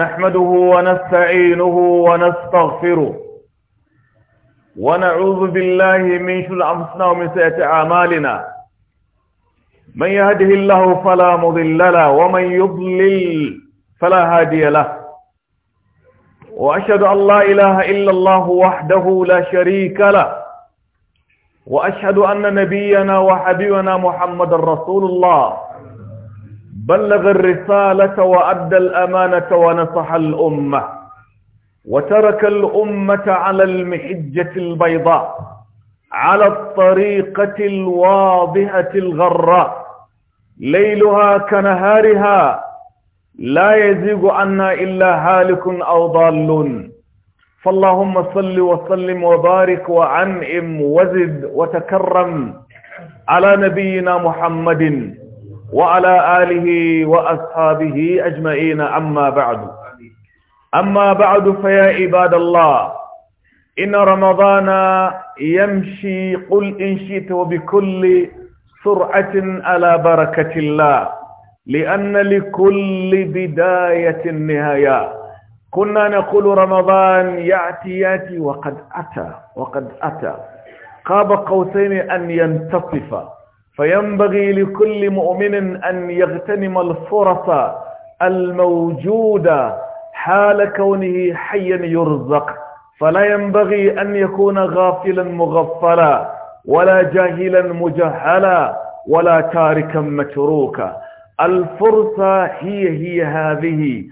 نحمده ونستعينه ونستغفره ونعوذ بالله من شر أنفسنا ومن سيئة أعمالنا من يهده الله فلا مضل له ومن يضلل فلا هادي له وأشهد أن لا إله إلا الله وحده لا شريك له وأشهد أن نبينا وحبيبنا محمد رسول الله بلغ الرسالة وأدى الأمانة ونصح الأمة وترك الأمة على المحجة البيضاء على الطريقة الواضحة الغراء ليلها كنهارها لا يزيغ عنا إلا هالك أو ضال فاللهم صل وسلم وبارك وعنئم وزد وتكرم على نبينا محمد وعلى آله وأصحابه أجمعين أما بعد أما بعد فيا عباد الله إن رمضان يمشي قل إن شئت وبكل سرعة على بركة الله لأن لكل بداية نهاية كنا نقول رمضان يأتي يأتي وقد أتى وقد أتى قاب قوسين أن ينتصف فينبغي لكل مؤمن أن يغتنم الفرص الموجودة حال كونه حيا يرزق فلا ينبغي أن يكون غافلا مغفلا ولا جاهلا مجهلا ولا تاركا متروكا الفرصة هي هي هذه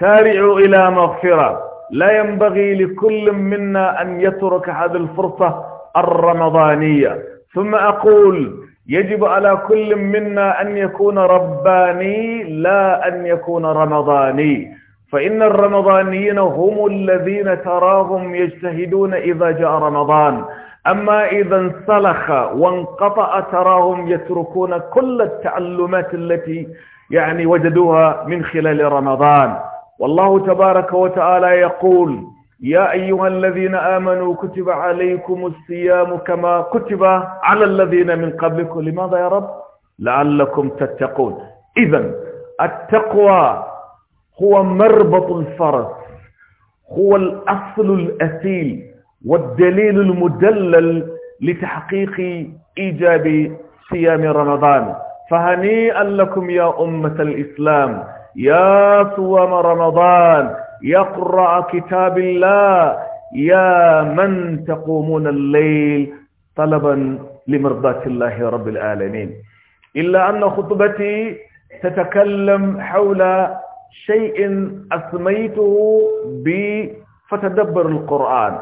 سارعوا إلى مغفرة لا ينبغي لكل منا أن يترك هذه الفرصة الرمضانية ثم أقول يجب على كل منا أن يكون رباني لا أن يكون رمضاني فإن الرمضانيين هم الذين تراهم يجتهدون إذا جاء رمضان أما إذا انسلخ وانقطع تراهم يتركون كل التعلمات التي يعني وجدوها من خلال رمضان والله تبارك وتعالى يقول يا أيها الذين آمنوا كتب عليكم الصيام كما كتب على الذين من قبلكم لماذا يا رب لعلكم تتقون إذا التقوى هو مربط الفرس هو الأصل الأثيل والدليل المدلل لتحقيق إيجاب صيام رمضان فهنيئا لكم يا أمة الإسلام يا صوام رمضان يقرأ كتاب الله يا من تقومون الليل طلبا لمرضاة الله رب العالمين إلا أن خطبتي تتكلم حول شيء أسميته بفتدبر القرآن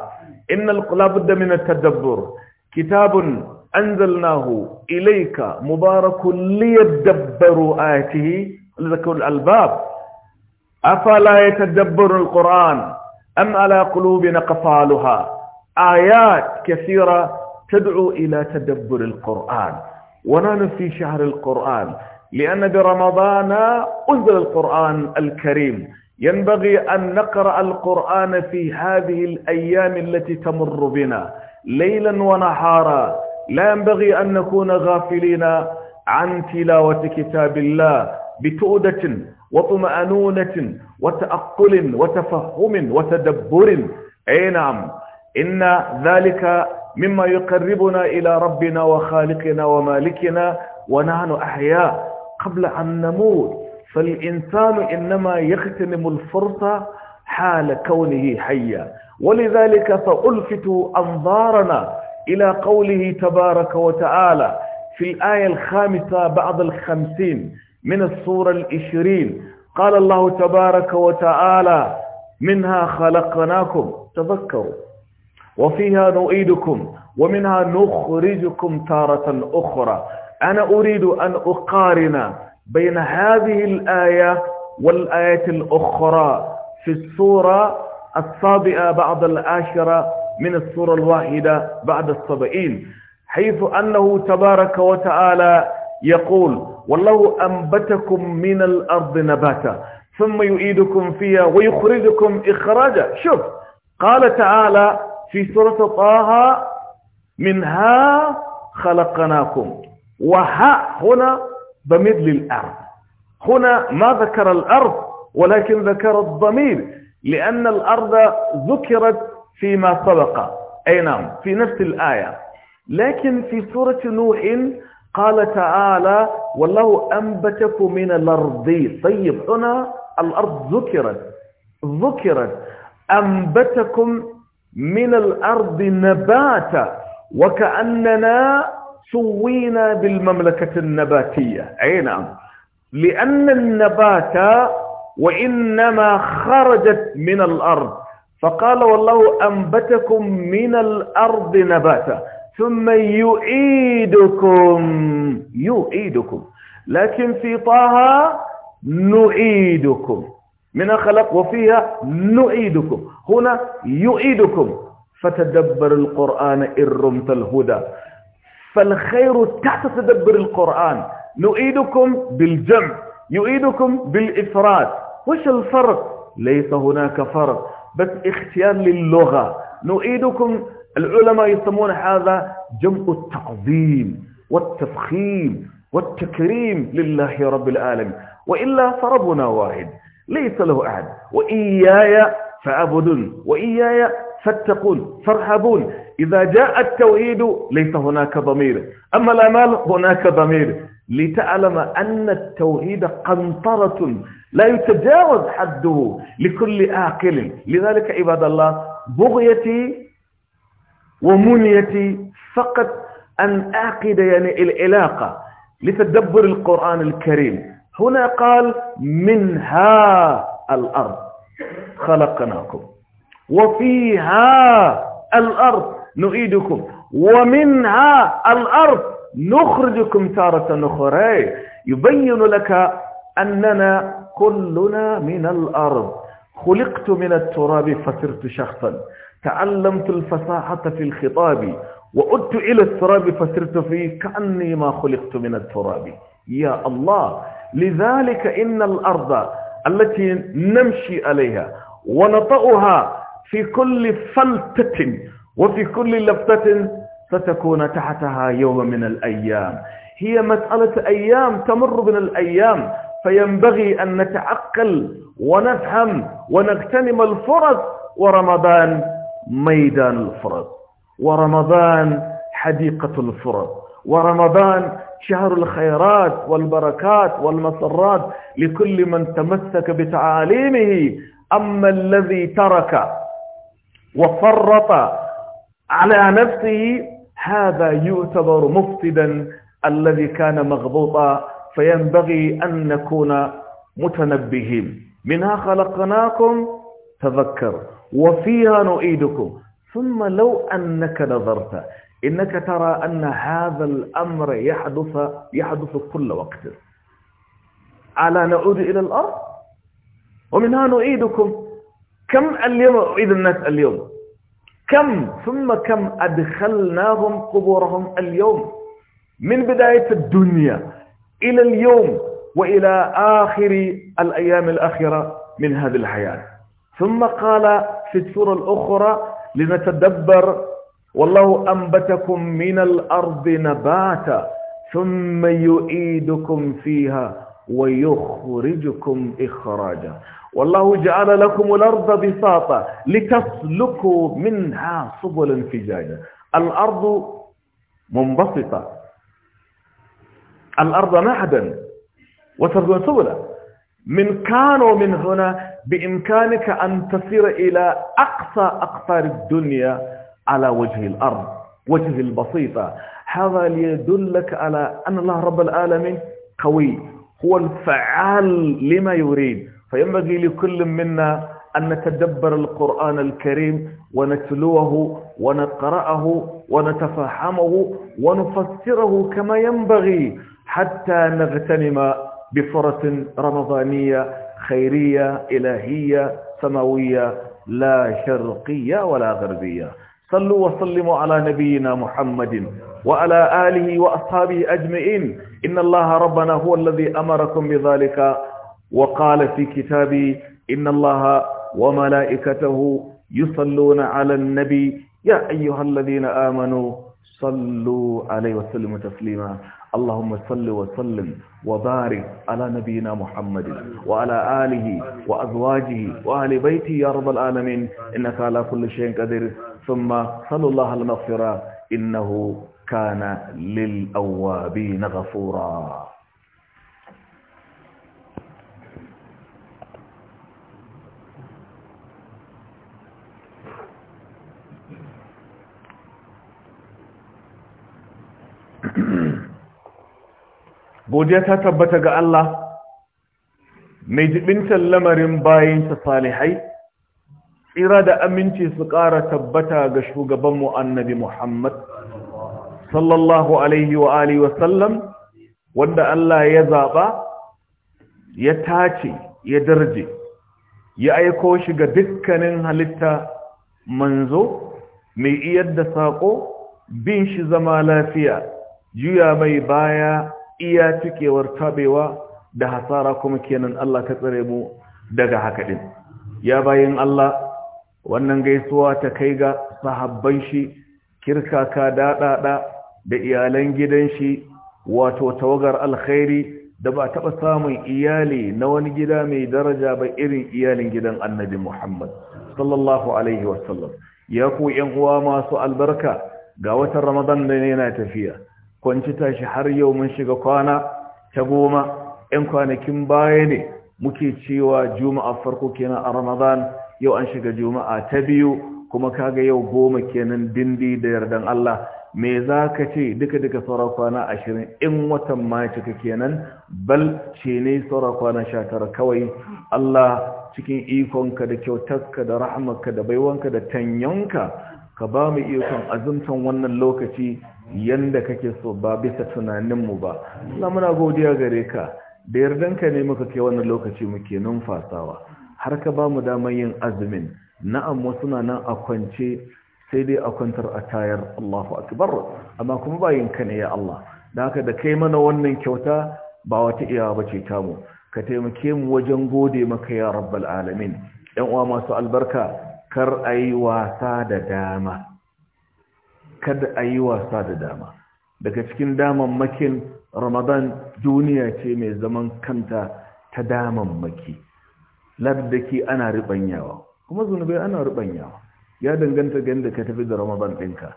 إن لابد من التدبر كتاب أنزلناه إليك مبارك ليدبروا آياته لذكر الألباب أفلا يتدبر القرآن أم على قلوبنا قفالها آيات كثيرة تدعو إلى تدبر القرآن ونحن في شهر القرآن لأن برمضان أنزل القرآن الكريم ينبغي أن نقرأ القرآن في هذه الأيام التي تمر بنا ليلا ونهارا لا ينبغي أن نكون غافلين عن تلاوة كتاب الله بتؤدة وطمأنونة وتأقل وتفهم وتدبر أي نعم إن ذلك مما يقربنا إلى ربنا وخالقنا ومالكنا ونحن أحياء قبل أن نموت فالإنسان إنما يغتنم الفرصة حال كونه حيا ولذلك فألفت أنظارنا إلى قوله تبارك وتعالى في الآية الخامسة بعد الخمسين من الصورة العشرين قال الله تبارك وتعالى منها خلقناكم تذكروا وفيها نعيدكم ومنها نخرجكم تارة أخرى أنا أريد أن أقارن بين هذه الآية والآية الأخرى في الصورة السابعة بعد العاشرة من الصورة الواحدة بعد السبعين حيث أنه تبارك وتعالى يقول والله أنبتكم من الأرض نباتا ثم يؤيدكم فيها ويخرجكم إخراجا شوف قال تعالى في سورة طه منها خلقناكم وها هنا ضمير للأرض هنا ما ذكر الأرض ولكن ذكر الضمير لأن الأرض ذكرت فيما سبق أي نعم في نفس الآية لكن في سورة نوح قال تعالى والله أنبتكم من الأرض طيب هنا الأرض ذكرت ذكرت أنبتكم من الأرض نباتا وكأننا سوينا بالمملكة النباتية أي نعم لأن النبات وإنما خرجت من الأرض فقال والله أنبتكم من الأرض نباتا ثم يعيدكم يعيدكم لكن في طه نعيدكم من خلق وفيها نعيدكم هنا يعيدكم فتدبر القرآن إن رمت الهدى فالخير تحت تدبر القرآن نعيدكم بالجمع يعيدكم بالإفراد وش الفرق ليس هناك فرق بس اختيار للغة نعيدكم العلماء يسمون هذا جمع التعظيم والتفخيم والتكريم لله رب العالمين وإلا فربنا واحد ليس له أحد وإياي فعبدون وإياي فاتقون فارحبون إذا جاء التوحيد ليس هناك ضمير أما الأمال هناك ضمير لتعلم أن التوحيد قنطرة لا يتجاوز حده لكل عاقل لذلك عباد الله بغيتي ومنيتي فقط أن أعقد يعني العلاقة لتدبر القرآن الكريم هنا قال منها الأرض خلقناكم وفيها الأرض نعيدكم ومنها الأرض نخرجكم تارة أخرى يبين لك أننا كلنا من الأرض خلقت من التراب فصرت شخصا تعلمت الفصاحة في الخطاب وعدت إلى التراب فصرت فيه كأني ما خلقت من التراب يا الله لذلك إن الأرض التي نمشي عليها ونطأها في كل فلتة وفي كل لفتة ستكون تحتها يوم من الأيام هي مسألة أيام تمر من الأيام فينبغي أن نتعقل ونفهم ونغتنم الفرص ورمضان ميدان الفرص ورمضان حديقة الفرص ورمضان شهر الخيرات والبركات والمسرات لكل من تمسك بتعاليمه أما الذي ترك وفرط على نفسه هذا يعتبر مفسدا الذي كان مغبوطا فينبغي أن نكون متنبهين منها خلقناكم تذكر وفيها نعيدكم ثم لو أنك نظرت إنك ترى أن هذا الأمر يحدث يحدث كل وقت على نعود إلى الأرض ومنها نعيدكم كم اليوم أعيد الناس اليوم كم ثم كم أدخلناهم قبورهم اليوم من بداية الدنيا إلى اليوم وإلى آخر الأيام الأخيرة من هذه الحياة ثم قال في السورة الأخرى لنتدبر والله أنبتكم من الأرض نباتا ثم يعيدكم فيها ويخرجكم إخراجا والله جعل لكم الأرض بساطة لتسلكوا منها سبلا فجاجا الأرض منبسطة الأرض مهدا وترجون سبلا من كان ومن هنا بإمكانك أن تسير إلى أقصى أقطار الدنيا على وجه الأرض وجه البسيطة هذا ليدلك على أن الله رب العالمين قوي هو الفعال لما يريد فينبغي لكل منا أن نتدبر القرآن الكريم ونتلوه ونقرأه ونتفهمه ونفسره كما ينبغي حتى نغتنم بفرص رمضانية خيرية إلهية سماوية لا شرقية ولا غربية صلوا وسلموا على نبينا محمد وعلى آله وأصحابه أجمعين إن الله ربنا هو الذي أمركم بذلك وقال في كتابه إن الله وملائكته يصلون على النبي يا أيها الذين آمنوا صلوا عليه وسلم تسليما اللهم صل وسلم وبارك على نبينا محمد وعلى آله وأزواجه وآل بيته يا رب العالمين إنك على كل شيء قدير ثم صلوا الله المغفرة إنه كان للأوابين غفورا Mm-hmm. godiya ta tabbata ga Allah mai jibintar lamarin bayansa salihai tsira da aminci su ƙara tabbata ga shugabanmu annabi Muhammad sallallahu alaihi wa alihi wa sallam wanda Allah ya zaɓa ya tace ya darje ya aiko shi ga dukkanin halitta manzo mai iyar da saƙo bin shi zama lafiya juya mai baya iya cikewar tabewa da hasara kuma kenan Allah ka tsare mu daga haka din ya bayin Allah wannan gaisuwa ta kai ga sahabban shi kirkaka daɗaɗa da iyalan gidan shi wato tawagar alkhairi da ba taɓa samun iyali na wani gida mai daraja ba irin iyalin gidan annabi Muhammad sallallahu alaihi wasallam ya ku ‘yan uwa masu albarka ga watan Ramadan da ne na tafiya kwanci tashi har yau mun shiga kwana ta goma ‘yan kwanakin baya ne muke cewa juma'a farko kenan a ramadan yau an shiga juma'a ta biyu kuma kaga yau goma kenan dindi da yardan Allah me za ka ce duka-duka sauran kwana ashirin in watan ma cika kenan bal ce ne sauran kwana sha kawai Allah cikin ikonka da kyautarka da rahamarka da baiwanka da tanyanka ka ba mu ikon azumtan wannan lokaci yanda kake so ba bisa tunaninmu ba Allah muna godiya gare ka da yardanka ne muka kai wannan lokaci muke numfasawa har ka bamu mu damar yin azumin na'am wasu na nan a kwance sai dai a kwantar a tayar Allahu akbar amma kuma bayin ka ne ya Allah da haka da kai mana wannan kyauta ba wata iyawa bace mu. ka taimake mu wajen gode maka ya rabbal alamin yan uwa masu albarka kar ayi wasa da dama kada a yi wasa da dama daga cikin daman makin ramadan duniya ce mai zaman kanta ta damammaki lardaki ana ribanyawa kuma zunubai ana ribanyawa ya danganta ga ka tafi da ramadan ɗinka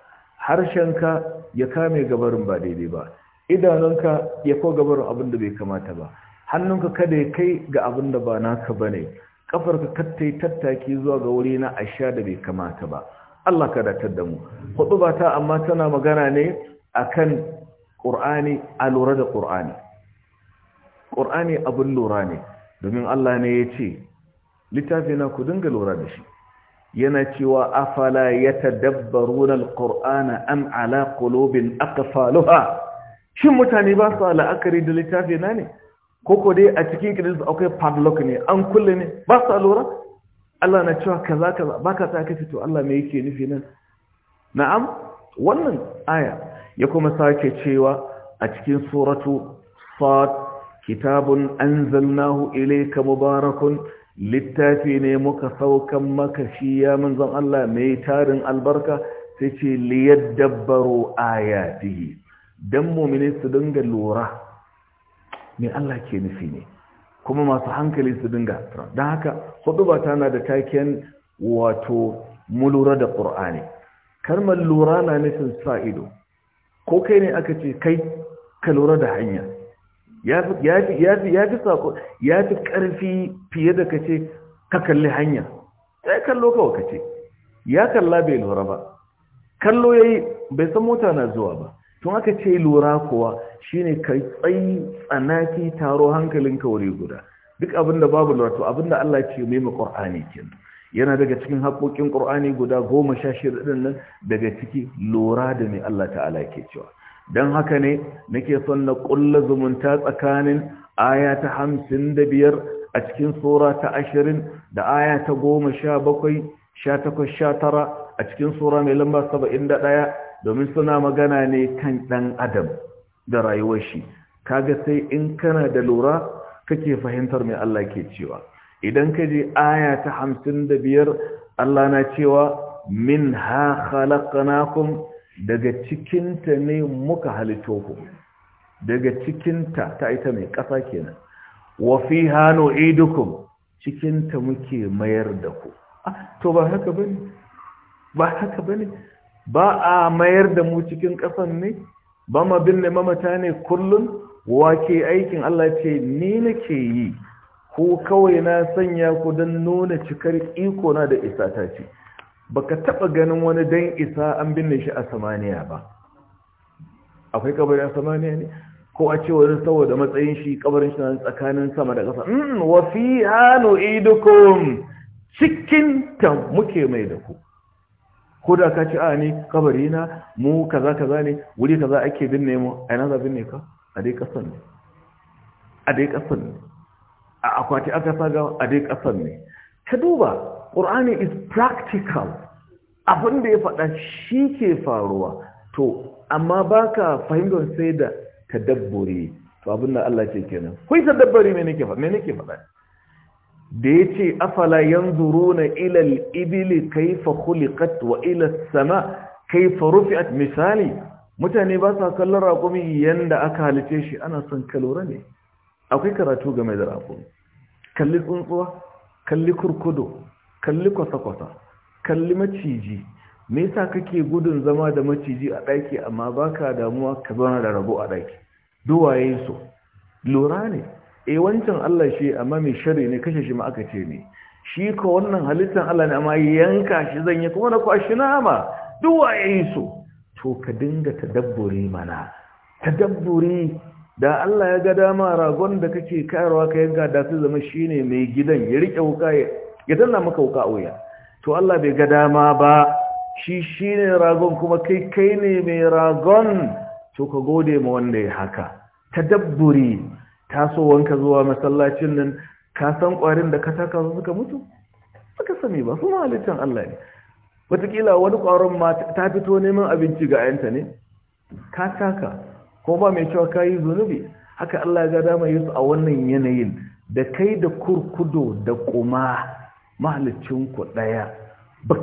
harshenka ya kame gabarin ba daidai ba idanunka ya ko gabarin abin da bai kamata ba hannunka kada ya kai ga abin da ba naka ba ne ƙafarka kattai tattaki zuwa ga wuri na asha da bai kamata ba Allah ka datar da mu hudu ba ta amma tana magana ne akan qur'ani alura da qur'ani qur'ani abin lura ne domin Allah ne ya ce ku dinga lura da shi yana cewa afala yatadabbaruna alqur'ana am ala qulubin aqfalaha shin mutane ba su la'akari da litafina na ne koko dai a cikin kidis akwai padlock ne an kulle ne ba su lura Allah na cewa kaza kaza ka sa ka fito Allah me yake nufi nan na'am wannan aya ya kuma sake cewa a cikin suratu sad kitabun anzalnahu ilayka mubarakun littafi ne muka saukan maka shi ya manzon Allah mai tarin albarka sai ce liyadabbaru ayatihi dan mu'mini su dinga lura me Allah ke nufi ne kuma masu hankali su dinga don haka hudu ba tana da taken wato mulura da ƙur'ani kalmar lura na nufin sa ido ko kai ne aka ce kai ka lura da hanya ya fi sako ya fi ƙarfi fiye da ka ce ka kalli hanya sai kallo kawai ka ce ya kalla bai lura ba kallo ya yi bai san mota na zuwa ba tun aka ce lura kuwa shine kai tsayi tsanaki taro hankalinka wuri guda duk abinda babu lura to abinda Allah ce mai mu Qur'ani kin yana daga cikin haƙoƙin Qur'ani guda 16 din nan daga ciki lura da mai Allah ta'ala ke cewa dan haka ne nake son na kullu zumunta tsakanin aya ta 55 a cikin sura ta 20 da aya ta 17 18 19 a cikin sura mai lamba 71 domin suna magana ne kan ɗan adam da rayuwar shi kaga sai in kana da lura kake fahimtar mai Allah ke cewa idan ka je aya ta hamsin da biyar Allah na cewa min ha khalaqnakum daga cikinta ne muka halitto ku daga cikinta ta ita mai ƙasa kenan wa fiha nu'idukum cikinta muke mayar da ku ah, to ba haka bane ba haka bane ba a mayar da mu cikin ƙasan ne ba ma binne mamata ne kullum wake aikin Allah ce ni nake yi ko kawai na sanya ku don nuna cikar iko na da isa ta ce baka taba ganin wani dan isa an binne shi a samaniya ba akwai kabari a samaniya ne ko a ce wani saboda matsayin shi kabarin shi na tsakanin sama da ƙasa mm wa fi hanu idukum cikin ta muke mai da ku ko da ka ci a ne kabari na mu kaza kaza ne wuri kaza ake binne mu a yana za binne ka a dai kasan ne a dai kasan ne a akwati aka saga a dai kasan ne ka duba qur'ani is practical abin da ya faɗa shi ke faruwa to amma baka fahimtar sai da tadabburi to abin da Allah ce kenan kai dabbari me nake faɗa me nake faɗa da ya ce afala yanzuruna ila al-ibli kayfa khuliqat wa ila as-sama kayfa rufi'at misali mutane ba sa kallon raƙumi yanda aka halice shi ana son kalora ne akwai karatu game da raƙumi kalli tsuntsuwa kalli kurkudo kalli kwasa-kwasa kalli maciji me yasa kake gudun zama da maciji a ɗaki amma baka damuwa ka zauna da rabo a ɗaki duwaye su lura ne E wancan Allah shi amma mai shari ne kashe shi ma aka ce ne shi ko wannan halittar Allah ne amma yanka shi zan yi kuma na kwashi nama duk ya yi so to ka dinga tadabburi mana tadabburi da Allah ya ga dama ragon da kake kayarwa ka yanka da su zama shi ne mai gidan ya riƙe wuka ya danna maka wuka a wuya to Allah bai ga dama ba shi shi ne ragon kuma kai kai ne mai ragon to ka gode ma wanda ya haka tadabburi tasowanka zuwa masallacin nan ka san kwarin da ka taka su suka mutu suka sani ba su halittar Allah ne wataƙila wani kwaron ma ta fito neman abinci ga ayanta ne ka taka ko ba mai cewa ka yi zunubi haka Allah ya ga dama yusu a wannan yanayin da kai da kurkudo da kuma mahalicinku ɗaya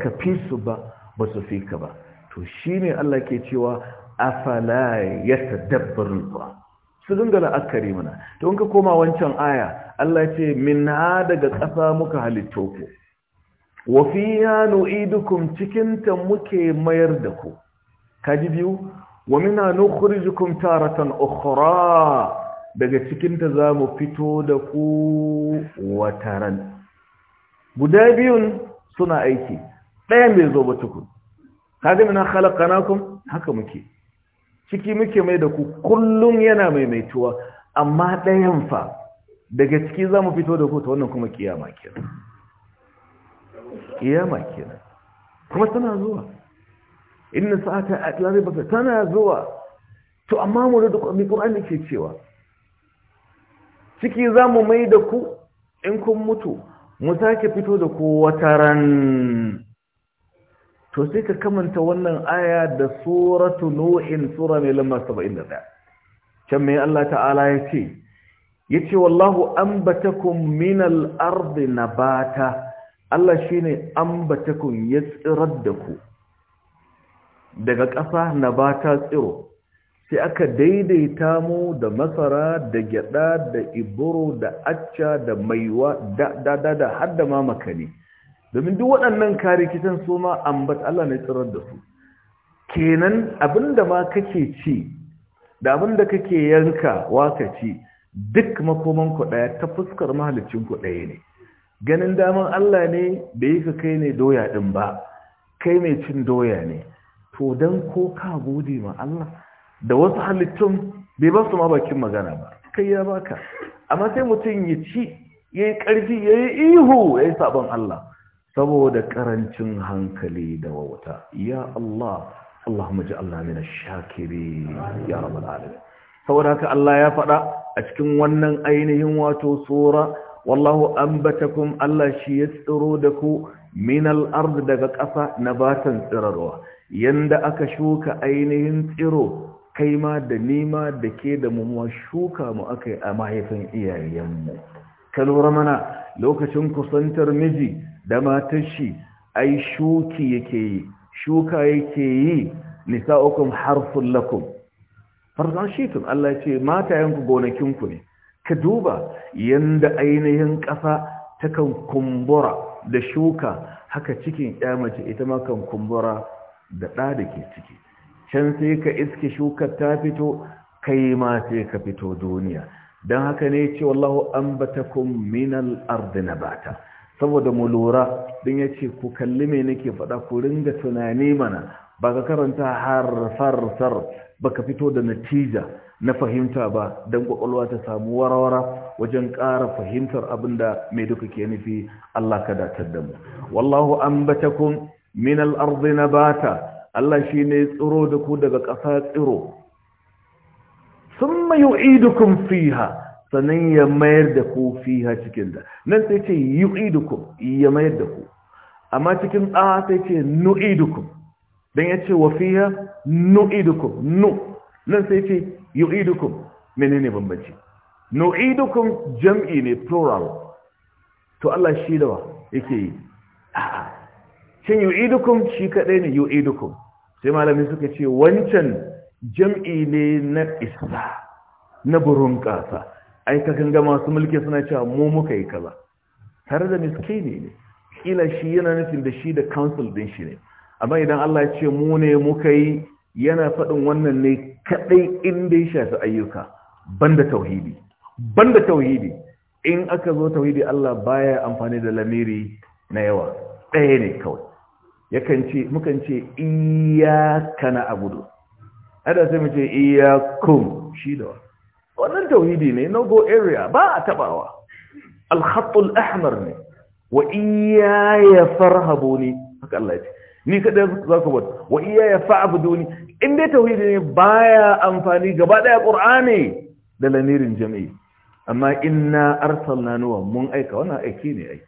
ka fi su ba ba su fi ka ba to shi ne Allah ke cewa afala dabbarin ba. su dinga askari muna to in ka koma wancan aya Allah ce minna daga ƙasa muka halitto ku wa fiha nu'idukum cikin ta muke mayar da ku kaji biyu wa minna nukhrijukum taratan ukhra daga cikin ta zamu fito da ku wataran guda biyun suna aiki ɗaya bai zo ba tukun kaga minna khalaqnakum haka muke ciki muke mai da ku kullum yana maimaituwa amma ɗayan fa daga ciki za mu fito da ku ta wannan kuma kiyama kenan kiyama kenan kuma tana zuwa inna sa'ata atlari ba tana zuwa to amma mu da duk Qur'ani ke cewa ciki za mu mai da ku in kun mutu mu sake fito da ku wataran to sai ka kamanta wannan aya da suratu nuhin sura mai lamba 71 can mai Allah ta'ala ya ce ya ce, wallahu an batakun minal na bata. Allah shi ne shine batakun ya tsirar da ku daga ƙasa bata tsiro sai aka daidaita mu da masara da gyada da iburo da acca da maiwa da da da har da mamakani domin duk waɗannan karikitan su ma ambat Allah ne tsirar da su kenan abinda ma kake ci da abinda kake yanka waka ci duk makoman ku daya ta fuskar mahalicin ku daya ne ganin daman Allah ne da yi ka kai ne doya din ba kai mai cin doya ne to dan ko ka gode ma Allah da wasu halittun bai ba su ma bakin magana ba kai ya baka amma sai mutum ya ci ya yi ƙarfi ya yi ihu ya yi sabon Allah saboda karancin hankali da wauta ya Allah Allahumma ji Allah ash-shakirin ya rabbal alamin saboda haka Allah ya faɗa a cikin wannan ainihin wato sura wallahu ambatakum Allah shi ya tsiro da ku minal al daga ƙasa na batan tsirarwa yanda aka shuka ainihin tsiro kai ma da nima da ke da mummuwa shuka mu aka yi a mahaifin iyayenmu ka lura mana lokacin kusantar miji da matar shi ai shuki yake yi shuka yake yi nisa'ukum harfun lakum farzashitun Allah ya ce matayenku gonakinku ne ka duba yanda ainihin ƙasa takan kumbura da shuka haka cikin mace ita ma kan kumbura da ɗa da ke ciki can sai ka iske shukar ta fito kai ma sai ka fito duniya don haka ne ce wallahu an bata kun minal ardi na bata saboda mu lura din ya ce ku kalli me nake faɗa ku ringa tunani mana ba ka karanta har farsar ba ka fito da natija na fahimta ba don kwakwalwa ta samu warawara wajen ƙara fahimtar abin da mai duka ke nufi Allah ka datar da mu wallahu an bata kun min al'arzi na bata Allah shi ne tsiro da ku daga ƙasa tsiro sun mai yi idukun fiha sannan ya mayar da ku ha cikin da nan sai ce yu'idukum ya mayar da ku amma cikin ɗa sai ce nu'idukum don ya ce wa nu nu'idukum nu nan sai ce mene menene bambanci nu'idukum jam'i ne plural to Allah shi da wa yake yi a'a yi yu'idukum shi kadai ne yu'idukum sai malami suka ce wancan jam'i ne na isa na burin kasa ai ka ga masu mulki suna cewa mu muka yi kaza tare da miskini ne kila shi yana nufin da shi da council din shi ne amma idan Allah ya ce mu ne muka yi yana faɗin wannan ne kaɗai inda ya shafi ayyuka banda tauhidi banda tauhidi in aka zo tauhidi Allah baya amfani da lamiri na yawa ɗaya ne kawai yakan ce mukan ce iya kana abudu ada sai mu ce shi da wa wannan tauhidi ne no go area ba a tabawa al-khatul ahmar ne wa iyaya farhabuni haka Allah ya ce ni kada za ku bata wa iyaya fa'buduni in dai tauhidi ne baya amfani gaba daya qur'ani da lamirin jami'i amma inna arsalna nuwa mun aika wannan aiki ne ai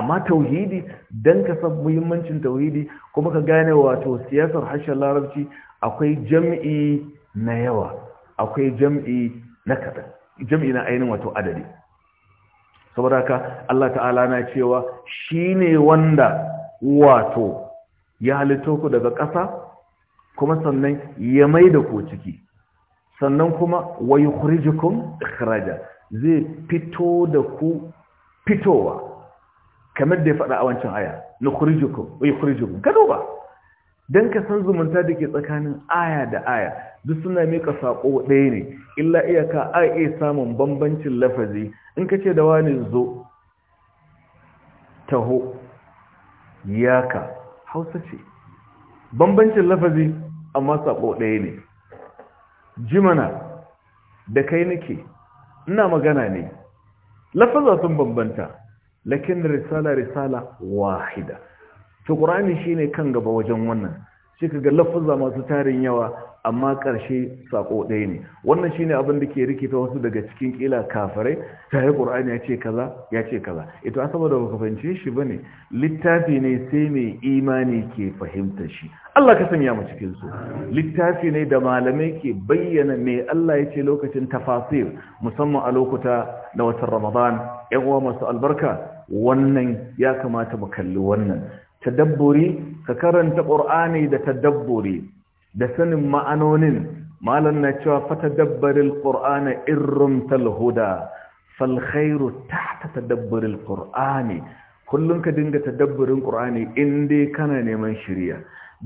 amma tauhidi dan ka san muhimmancin tauhidi kuma ka gane wato siyasar harshen larabci akwai jam'i na yawa akwai jam'i na kaɗan jami'i na ainihin wato adadi saboda haka Allah ta'ala na cewa shi ne wanda wato ya halitto ku daga ƙasa kuma sannan ya mai da ku ciki sannan kuma wa yukhrijukum ikhraja zai fito da ku fitowa kamar da ya faɗa a wancan aya na nukhrijukum wa yukhrijukum gado ba. don ka san zumunta da ke tsakanin aya da aya duk suna mika saƙo ɗaya ne illa iyaka a iya samun bambancin lafazi in ka ce da wani zo taho yaka hausa ce bambancin lafazi amma saƙo ɗaya ne jimana da kai nake ina magana ne lafaza sun bambanta lakin risala risala wahida to ƙur'ani shine kan gaba wajen wannan shi kaga lafuzza masu tarin yawa amma ƙarshe sako ɗaya ne wannan shine abin da ke rikita wasu daga cikin ƙila kafirai ta yi ƙur'ani ya ce kaza ya ce kaza ito a saboda ba fahimce shi ba ne littafi ne sai mai imani ke fahimta shi Allah ka sanya mu cikin su littafi ne da malamai ke bayyana mai Allah ya ce lokacin tafasir musamman a lokuta na watan Ramadan yan uwa masu albarka wannan ya kamata mu kalli wannan tadabburi ka karanta qur'ani da tadabburi da sanin ma'anonin malan na cewa fatadabbaril qur'ana irrumtal huda fal khairu tahta tadabburil qur'ani kullun ka dinga tadabburin qur'ani in dai kana neman shiriya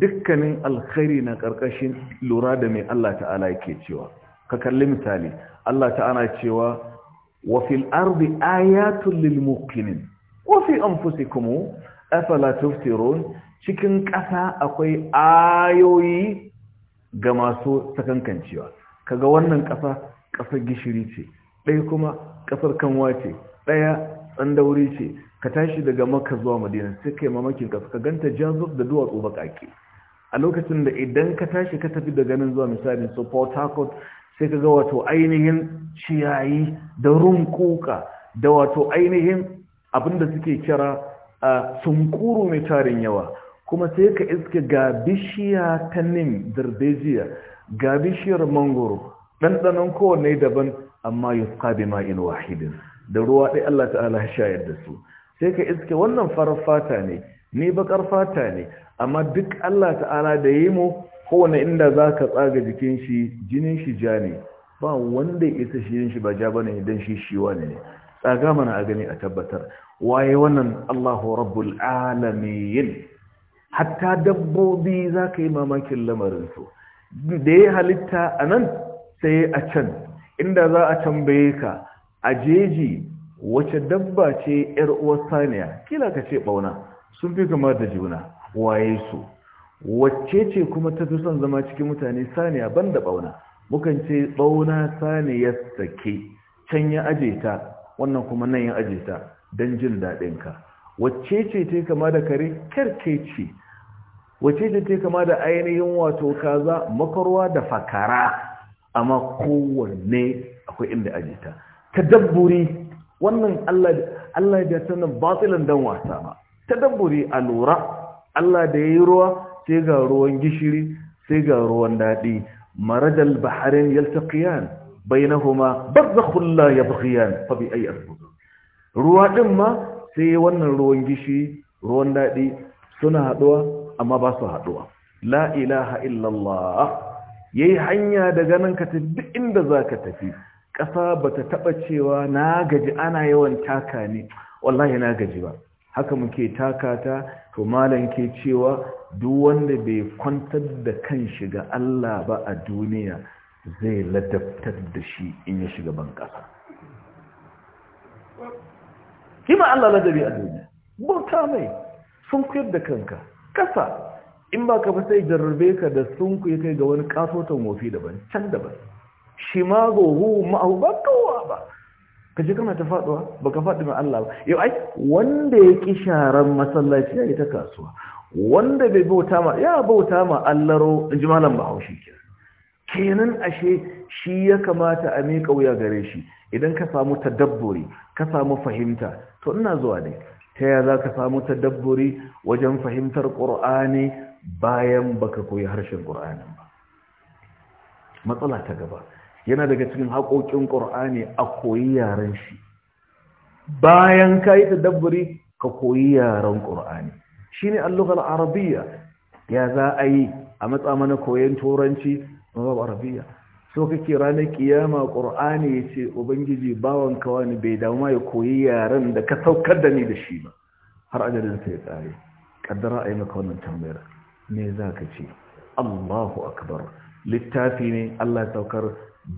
dukkanin alkhairi na karkashin lura da mai Allah ta'ala yake cewa ka kalli misali Allah ta'ala cewa wa fil ardi ayatun lil muqinin wa fi anfusikum afala tufsirun cikin ƙasa akwai ayoyi ga masu sakankancewa kaga wannan ƙasa ƙasar gishiri ce ɗaya kuma ƙasar kanwa ce ɗaya tsandauri ce ka tashi daga maka zuwa madina sai kai mamakin kasa ka ganta jazuf da duwatsu kake a lokacin da idan ka tashi ka tafi da ganin zuwa misali so port harcourt sai ka ga wato ainihin ciyayi da rumkuka da wato ainihin abinda suke kira a sunkuru mai tarin yawa kuma sai ka iske ga bishiya ta nim darbejiya ga bishiyar mangoro ɗanɗanon kowane daban amma yi tsabi ma'in wahidin da ruwa ɗai Allah ta'ala shayar da su sai ka iske wannan farar fata ne ni bakar fata ne amma duk Allah ta'ala da yi mu kowane inda za ka tsaga jikin shi jinin shi ja ne ba wanda ya isa shi yin shi ba ja ne idan shi shiwa ne tsaga mana a gani a tabbatar waye wannan Allahu rabbul alamin hatta dabbobi zaka yi mamakin lamarin su da ya halitta a nan sai a can inda za a tambaye ka Ajeji. wace dabba ce ‘yar uwar saniya kila ka ce ɓauna sun fi kama da juna waye su wacce ce kuma ta fi son zama cikin mutane saniya ban da ɓauna mukan ce bauna saniyar sake can ya aje ta wannan kuma nan yin ajiyata ta don jin daɗinka wacce ce ta kama da kare karke ce wacce ce ta kama da ainihin wato kaza makarwa da fakara amma kowanne akwai inda ajiyata. ta dabburi wannan Allah da ya tana batilan dan wasa ba dabburi a lura Allah da ya yi ruwa sai ga ruwan gishiri sai ga ruwan daɗi marajal baharin yaltaqiyan bainahuma barzakhun la yabghiyan fa bi ayi asbud ruwa din ma sai wannan ruwan gishi ruwan dadi suna haduwa amma ba su haduwa la ilaha illallah yayi hanya daga nan ka tafi inda zaka tafi kasa bata taba cewa na gaji ana yawan taka ne wallahi na gaji ba haka muke takata to malam ke cewa duk wanda bai kwantar da kan shiga Allah ba a duniya zai ladabtar da shi in ya shiga ban ƙasa kima Allah ladabi a duniya bauta mai sun kuyar da kanka Kasa, in ba ka sai jarrabe ka da sun kuyi kai ga wani ƙasotan wofi daban can daban shi ma gohu ma'ahu ba kowa ba ka ce kama ta faɗuwa ba ka faɗi mai Allah ba yau ai wanda ya ƙi sharan masallaci ya yi ta kasuwa wanda bai bauta ma ya bauta ma in ji malam ba bahaushe kenan kenan ashe shi ya kamata a miƙa wuya gare shi idan ka samu tadabburi ka samu fahimta to ina zuwa dai. ta yaya za ka samu tadabburi wajen fahimtar ƙur'ani bayan baka koyi harshen ƙur'ani ba matsala ta gaba yana daga cikin haƙoƙin ƙur'ani a koyi yaren shi bayan ka yi tadabburi ka koyi yaren ƙur'ani ne allughal arabiyya ya za a yi a matsa mana koyon turanci kuma arabiya so kake ranar kiyama ƙur'ani ya ce ubangiji bawan kawa ne bai damu ya koyi yaren da ka saukar da ni da shi ba har ajalinsa ya tsare kaddara a yi maka wannan tambayar me za ka ce allahu akbar littafi ne allah ya saukar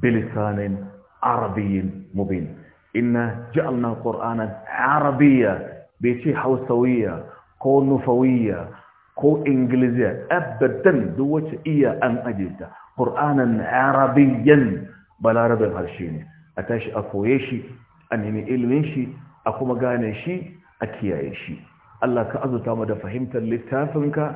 bilisanin arabiyyin mubin inna ja'alna qur'anan arabiyya bai ce hausawiyya ko nufawiyya ko ingiliziya abadan duk wacce iya an aje ta ƙur'anan arabiyyan balarabin harshe ne a tashi a koye shi a nemi ilimin shi a kuma gane shi a kiyaye shi Allah ka azuta mu da fahimtar littafinka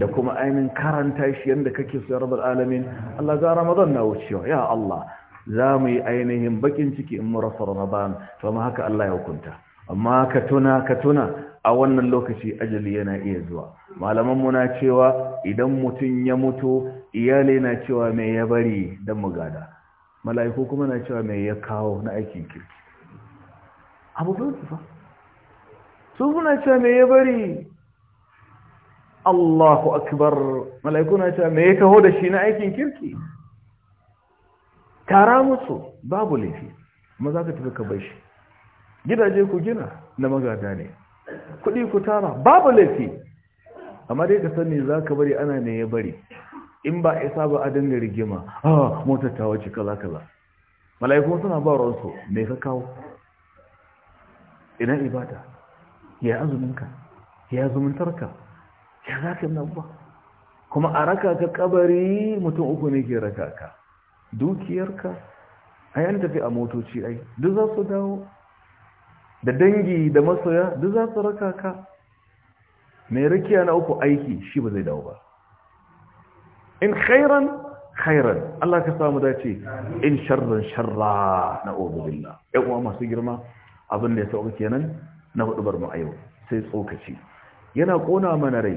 da kuma ainihin karanta shi yadda kake so rabbul alamin Allah za Ramadan na wucewa ya Allah za mu yi ainihin bakin ciki in mu rasa Ramadan to ma haka Allah ya hukunta amma ka tuna ka tuna a wannan lokaci ajali yana iya zuwa malaman mu na cewa idan mutum ya mutu iyali na cewa me ya bari dan mugada mala'iku kuma na cewa me ya kawo na aikin kirki abu ba su fa su suna cewa me ya bari Allahu akbar mala'iku na cewa me ya kawo da shi na aikin kirki tara musu babu laifi amma za ka tafi ka bai shi gidaje ku gina na magada ne kuɗi ku tara babu laifi amma dai ka sani za ka bari ana ne ya bari in ba isa ba a dinga rigima ah motar ta wace kaza kaza mala'iku suna ba ransu me ka kawo idan ibada ya azuminka ya zumuntarka ya za ka yi kuma a raka ka kabari mutum uku ne ke raka ka dukiyarka a yan tafi a motoci ai duk za su dawo da dangi da masoya duk za su raka ka mai rakiya na uku aiki shi ba zai dawo ba in khairan khairan Allah ka samu dace in sharran sharra na billah yan uwa masu girma abin da ya sauka kenan na hudu bar mu a yau sai tsokaci yana kona mana rai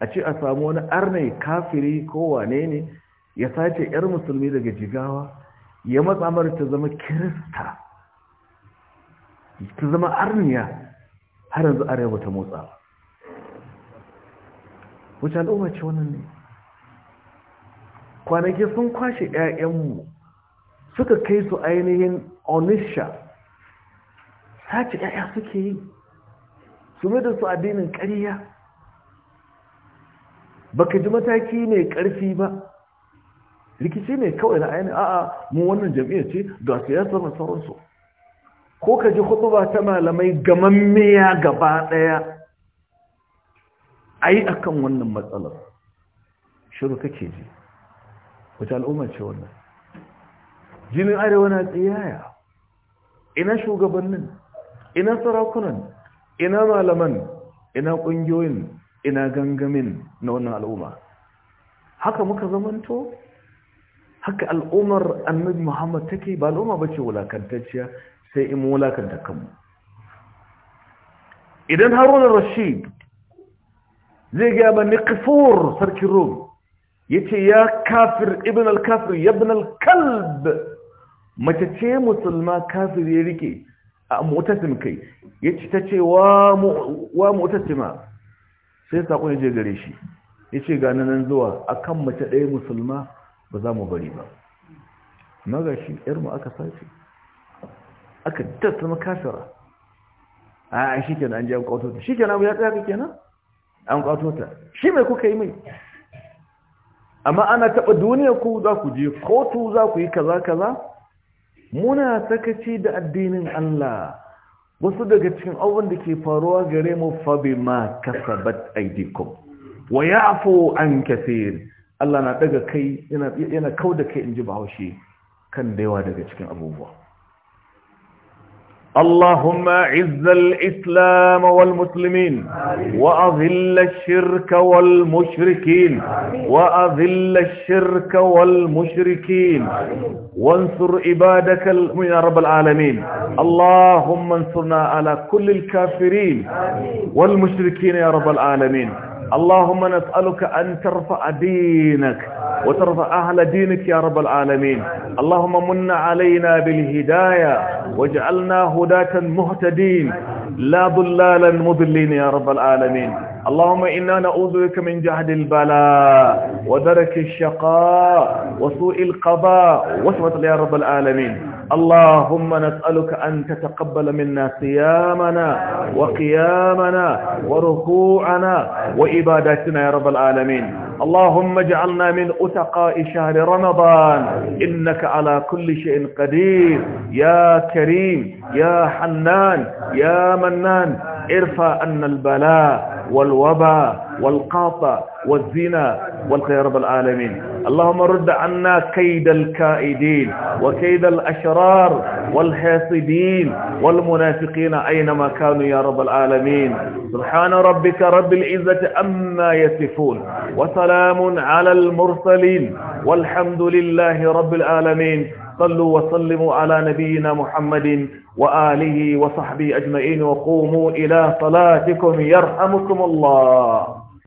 a ce a samu wani arne kafiri ko wane ne ya sace yar musulmi daga jigawa ya matsa mara ta zama kirista ta zama arniya har yanzu arewa ta motsa Wacce al'umma ce wannan ne kwanaki sun kwashe 'ya'yanmu suka kai su ainihin onisha sace 'ya'ya suke yi su mai da su addinin ƙariya baka ji mataki ne ƙarfi ba rikici ne kawai na ainihin a'a mu wannan jam'iyyar ce ga siyasar sauransu ko ka ji hudu ta malamai gamammiya gaba ɗaya a yi a kan wannan matsalar shiru kake ji wata al'ummar ce wannan jinin arewa na tsiyaya ina shugabannin ina sarakunan ina malaman ina ƙungiyoyin ina gangamin na wannan al'umma haka muka zamanto haka al'ummar annabi muhammad take ba al'umma ba ce wulakantacciya sai in wulakanta kanmu idan haruna rashid zai gaya ba niqfur sarkin rom yace ya kafir ibn al-kafir ibn al-kalb mace ce musulma kafir ya rike a mutasim kai yace ce wa wa ma sai sakon je gare shi yace ga nan zuwa akan mace ɗaya musulma ba za mu bari ba magashi yar aka sace aka tattama makasara a shi kenan an ji an shi kenan abu ya tsaya kenan an kwatota shi mai kuka yi mai amma ana taɓa duniya ku za ku je kotu za ku yi kaza kaza muna sakaci da addinin Allah wasu daga cikin abin da ke faruwa gare mu ma kasabat aydikum wa yafu an kaseer Allah na daga kai yana kau da kai in ji bahaushe kan da yawa daga cikin abubuwa اللهم عز الإسلام والمسلمين وأذل الشرك والمشركين وأذل الشرك والمشركين وانصر عبادك يا رب العالمين اللهم انصرنا على كل الكافرين والمشركين يا رب العالمين اللهم نسألك أن ترفع دينك وترفع أهل دينك يا رب العالمين اللهم من علينا بالهداية واجعلنا هداة مهتدين لا ضلالا مضلين يا رب العالمين اللهم إنا نعوذ بك من جهد البلاء ودرك الشقاء وسوء القضاء واسمة يا رب العالمين اللهم نسألك أن تتقبل منا صيامنا وقيامنا وركوعنا وإباداتنا يا رب العالمين اللهم اجعلنا من أتقاء شهر رمضان إنك على كل شيء قدير يا كريم يا حنان يا منان ارفع عنا البلاء والوباء والقاطة والزنا والخير رب العالمين اللهم رد عنا كيد الكائدين وكيد الأشرار والحاسدين والمنافقين أينما كانوا يا رب العالمين سبحان ربك رب العزة أما يصفون وسلام على المرسلين والحمد لله رب العالمين صلوا وسلموا على نبينا محمد وآله وصحبه أجمعين وقوموا إلى صلاتكم يرحمكم الله